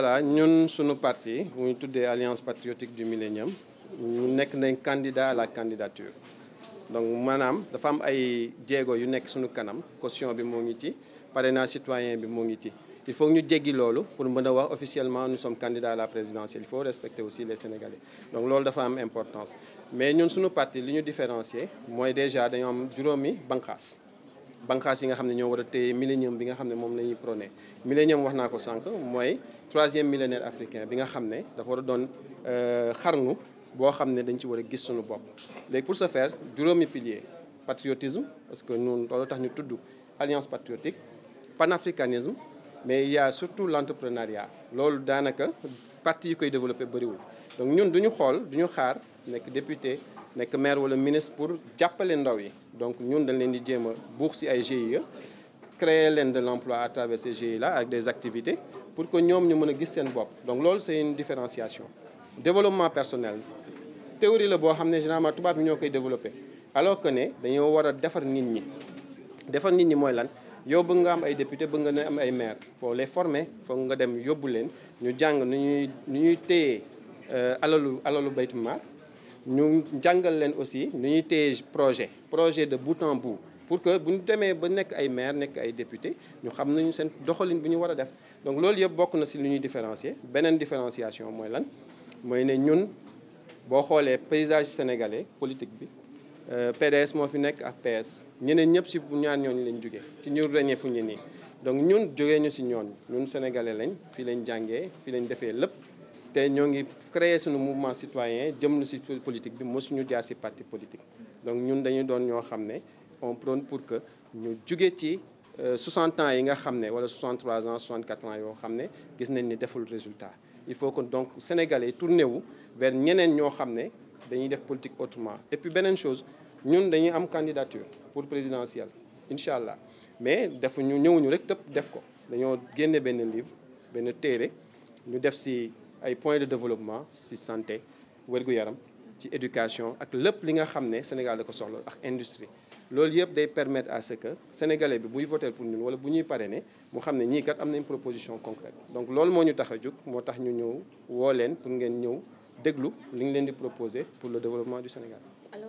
voilà ñun suñu parti bu ñu tuddee alliance patriotique du millénium ñu nekk nañ candidat à la candidature donc maanaam dafa am ay jeego yu nekk sunu kanam caution bi moo ngi ci parrainage citoyen bi moo ngi ci il faut ñu jéggi loolu pour mën a wax officiellement nous sommes candidats à la présidentielle il faut respecter aussi les sénégalais donc loolu dafa am importance mais ñun suñu parti li ñu différencier mooy déjà dañoo am juróomi banqaas banqaas yi nga xam ne ñoo war a téye millénium bi nga xam ne moom la ñuy prôné millénium wax naa ko sànq mooy troisième millénaire africain bi nga xam ne dafa war a doon euh, xarnu boo xam ne dañ ci war a gis suñu bopp léegi pour ce faire juróomi pilier patriotisme parce que ñun loolu tax ñu tudd alliance patriotique panafricanisme mais il y a surtout l'entrepreneuriat loolu daanaka parti yi koy développé bariwul donc ñun du ñu xool du ñu xaar nekk député nekk maire wala ministre pour jàppale ndaw yi donc ñun dañ leen di jéem a buux si ay GIE créer leen de l'emploi à travers ces ak des activités pour que ñoom ñu mën a gis seen bopp donc loolu c'est une différenciation développement personnel théorie la boo xam ne ma tubaab yi ñoo koy développé alors que ne dañoo war a defar nit ñi defar nit ñi mooy lan yow bëgg nga am ay député bëgg nga ne am ay maire foo les former foog nga dem yóbbu leen ñu jàng nu ñuy nu ñuy téye euh, alalu alalu baytu maal ñu jàngal leen aussi nu ñuy téye projet projet de bout en bout pour que bu ñu demee ba nekk ay maire nekk ay député ñu xam nañu seen doxalin bu ñu war a def donc loolu yëpp bokk na si lu ñuy différencier beneen différenciation mooy lan mooy ne ñun boo xoolee paysage sénégalais politique bi euh, PDS moo fi nekk ak PS ñeneen ñëpp si bu ñaar ñooñu lañ jógee ci ñu reñee fu ñu nii donc ñun jógee ñu si ñooñu ñun sénégalais lañ fii lañ jàngee fii lañ defee lépp te ñoo ngi créer suñu mouvement citoyen jëm na si politique bi mosuñu jaar si parti politique donc ñun dañu doon ñoo xam ne on prône pour que ñu jóge ci 60 euh, ans yi nga xam ne wala 63 ans 64 ans yoo xam ne gis nañ ni deful résultat il faut que donc sénégalais tourné wu vers ñeneen ñoo xam ne dañuy def politique autrement et puis beneen chose ñun dañuy am candidature pour présidentielle incha allah mais defu ñu ñëwuñu rek tëpp def ko dañoo génne benn livre benn téere ñu def ci ay points de développement ci santé wérgu yaram ci éducation ak lépp li nga xam ne Sénégal da ko soxla ak industrie loolu yëpp day permettre à ce que sénégalais bi buy voter pour ñun wala bu ñuy parrainer mu xam ne ñii kat am nañ proposition concrète donc loolu moo ñu tax a jóg moo tax ñu ñëw woo leen pour ngeen ñëw déglu li ñu leen di proposé pour le développement du Sénégal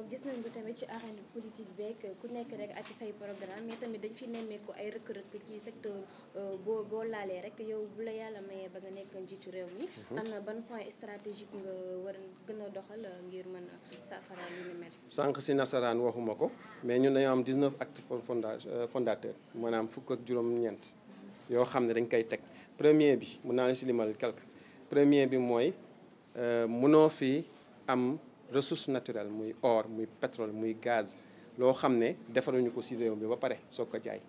gis nañ ko tamit ci arène politique beeg ku nekk rek ak say programme mais tamit dañ fi nemmeeku ay rëkk-rëkk ci secteur euh, boo boo laalee rek yow bu la yàlla mayee ba nga nekk njiitu réew mi. Mhm. am na ban point stratégique nga war gën doxal euh, ngir mën a saafara ni mel. sànq si nasaraan waxuma ko mais ñun dañoo am 19 actes euh, fondateur maanaam fukk ak juróom-ñeent mhm. yoo xam ne dañ koy teg premier bi mun naa la si limal quelque premier bi mooy mënoo fi am. ressource naturelle muy or muy petrole muy gaz loo xam ne defaruñu ko si réew bi ba pare soo ko jaay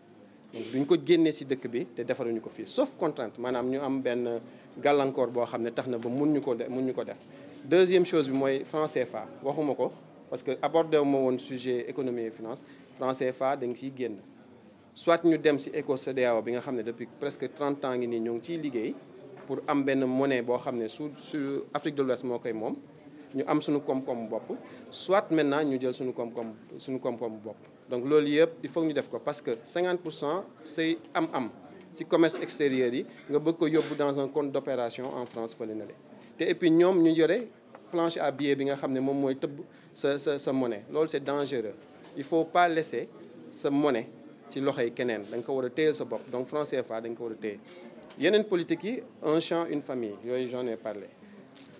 donc duñ ko génnee si dëkk bi te defaruñu ko fii sauf contrainte maanaam ñu am benn gàllankoor boo xam ne tax na ba mun ñu ko mun ñu ko def deuxième chose bi mooy franc CFA waxuma ko parce que abordé wu ma woon sujet économie et finance franc CFA da nga génn soit ñu dem si ECO CEDEAO bi nga xam ne depuis presque 30 ans ngi nii ñoo ngi ciy liggéey pour am benn monnaie boo xam ne su su Afrique moo koy moom ñu am suñu koom-koom bopp soit maintenant ñu jël suñu koom-koom suñu koom-koom bopp donc loolu yëpp il faut ñu def ko parce que 50 pour cent say am-am ci commerce extérieur yi nga bëgg ko yóbbu dans un compte d'opération en France fële na le te et ñoom ñu yore planche à billets bi nga xam ne moom mooy tëb sa sa sa monnaie loolu c'est dangereux il faut pas laisser sa monnaie ci loxoy keneen da ko war a téyel sa bopp donc franc CFA da nga ko war a téye yeneen politique yi un champ une famille yooyu j'en ai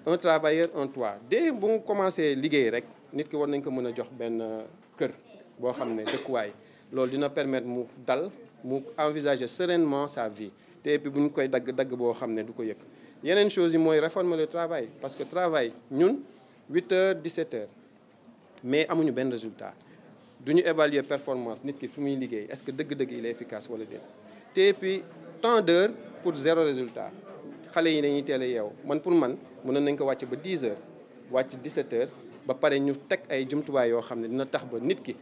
un travailleur un toit dès bu mu commencé liggéey rek nit ki war nañ ko mën a jox benn euh, kër boo xam ne dëkkuwaay loolu dina permettre mu dal mu envisager sereinement sa vie te puis bu ñu koy dagg dagg boo xam ne du ko yëg yeneen chose yi mooy réformer le travail parce que travail ñun 8 heures 17 heures mais amuñu benn résultat du ñu évaluer performance nit ki fu muy liggéey est-ce que dëgg-dëgg il est efficace wala déet te puis tant d'heures pour zéro résultat xale yi nañuy teel a yeew man pour man mënoon nañ ko wàcc ba 10 heures wàcc 17 heures ba pare ñu teg ay jumtuwaay yoo xam ne dina tax ba nit ki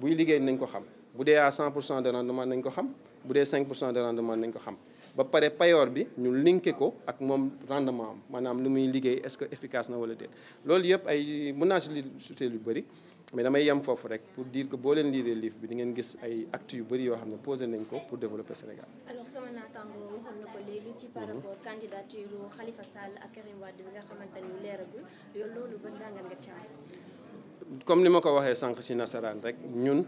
buy liggéey nañ ko xam bu dee à 100 pour cent de rendement nañ ko xam bu dee 5 cent de rendement nañ ko xam ba pare payoor bi ñu linké ko ak moom rendement am maanaam lu muy liggéey est-ce que efficace na wala déet loolu yëpp ay mën naa si lu bëri mais damay yem foofu rek pour dire ko boo leen liiree livre bi di ngeen gis ay act yu bëri yoo xam ne posé nañ ko pour développer Sénégal. Mhm. ni comme ni ma ko waxee sànq si nasaraan rek ñun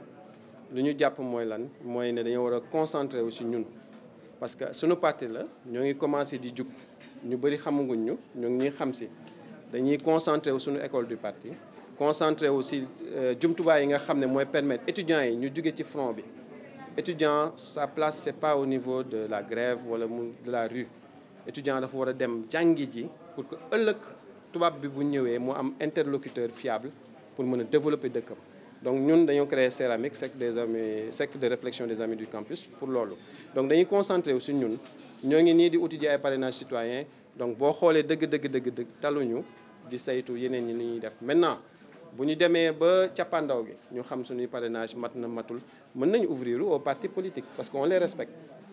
lu ñu jàpp mooy lan mooy ne dañoo war a concentré wu ñun parce que suñu parti la ñoo ngi commencé di jug ñu bëri xamaguñ ñu ñoo ngi ñuy xam si dañuy concentré wu suñu école du parti. concentré aussi euh, jumtuwaay yi nga xam ne mooy permettre étudiants yi ñu jóge ci front bi étudiant sa place c'est pas au niveau de la grève wala mu de la rue étudiant dafa war a dem jàngi ji pour que ëllëg tubaab bi bu ñëwee mu am interlocuteur fiable pour mën a développer dëkkam donc ñun dañoo créer céramique cercle des amis cercle de réflexion des amis du campus pour loolu donc dañuy concentrer aussi ñun ñoo ngi nii di utiliser ay parrainage citoyen donc boo xoolee dëgg dëgg dëgg dëgg taluñu di saytu yeneen ñi li ñuy def maintenant bu ñu demee ba cappaandaw bi ñu xam suñuy parrainage mat na matul mën nañu ouvrir au parti politique parce qu'on les respecte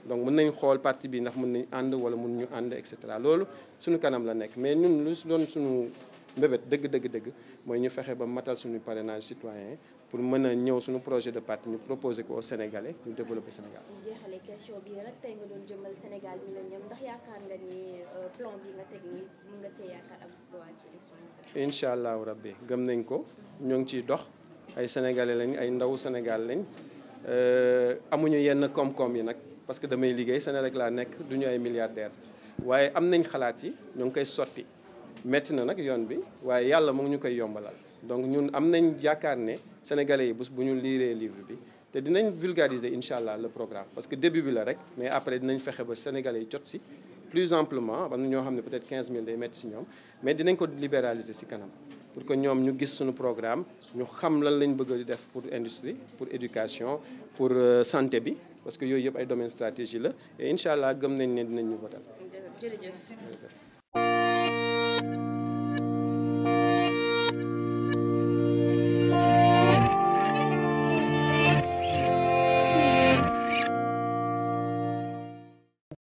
donc mën nañ xool parti bi ndax mun nañ ànd wala mun ñu ànd et cetera loolu suñu kanam la nekk mais ñun lu su doon suñu mbébét dëgg dëgg dëgg mooy ñu fexe ba matal suñu parrainage citoyen pour mën a ñëw suñu projet de parti ñu proposé ko au Sénégalais ñu développe Sénégal. ñu jeexale mi la ñoom ndax yaakaar nga ni euh, plan bi nga teg nii mën nga cee yaakaar ak doyen ci allahu rabbi gëm nañ ko ñoo ngi ciy dox ay sénégalais lañ ay ndaw Sénégal lañ euh, amuñu yenn koom-koom yi nag parce que damay liggéey rek laa nekk duñu ay milliardaire waaye am nañ xalaat yi ñoo ngi koy sotti. metti na nag yoon bi waaye yàlla mu ñu koy yombalaal donc ñun am nañ yaakaar ne sénégalais yi bés bu ñu liiree livre bi te dinañ vulgariser incha allah le programme parce que début bi la rek mais après dinañ fexe ba sénégalais yi jot si plus amplement am na ñoo xam ne peut-être 15000 day metti si ñoom mais dinañ ko libéraliser si kanam pour que ñoom ñu gis suñu programme ñu xam lan lañ bëgg di def pour industrie pour éducation pour euh, santé bi parce que yooyu yëpp ay domaine stratégie la incha allah gëm nañ ne dinañ ñu votal jërëjëf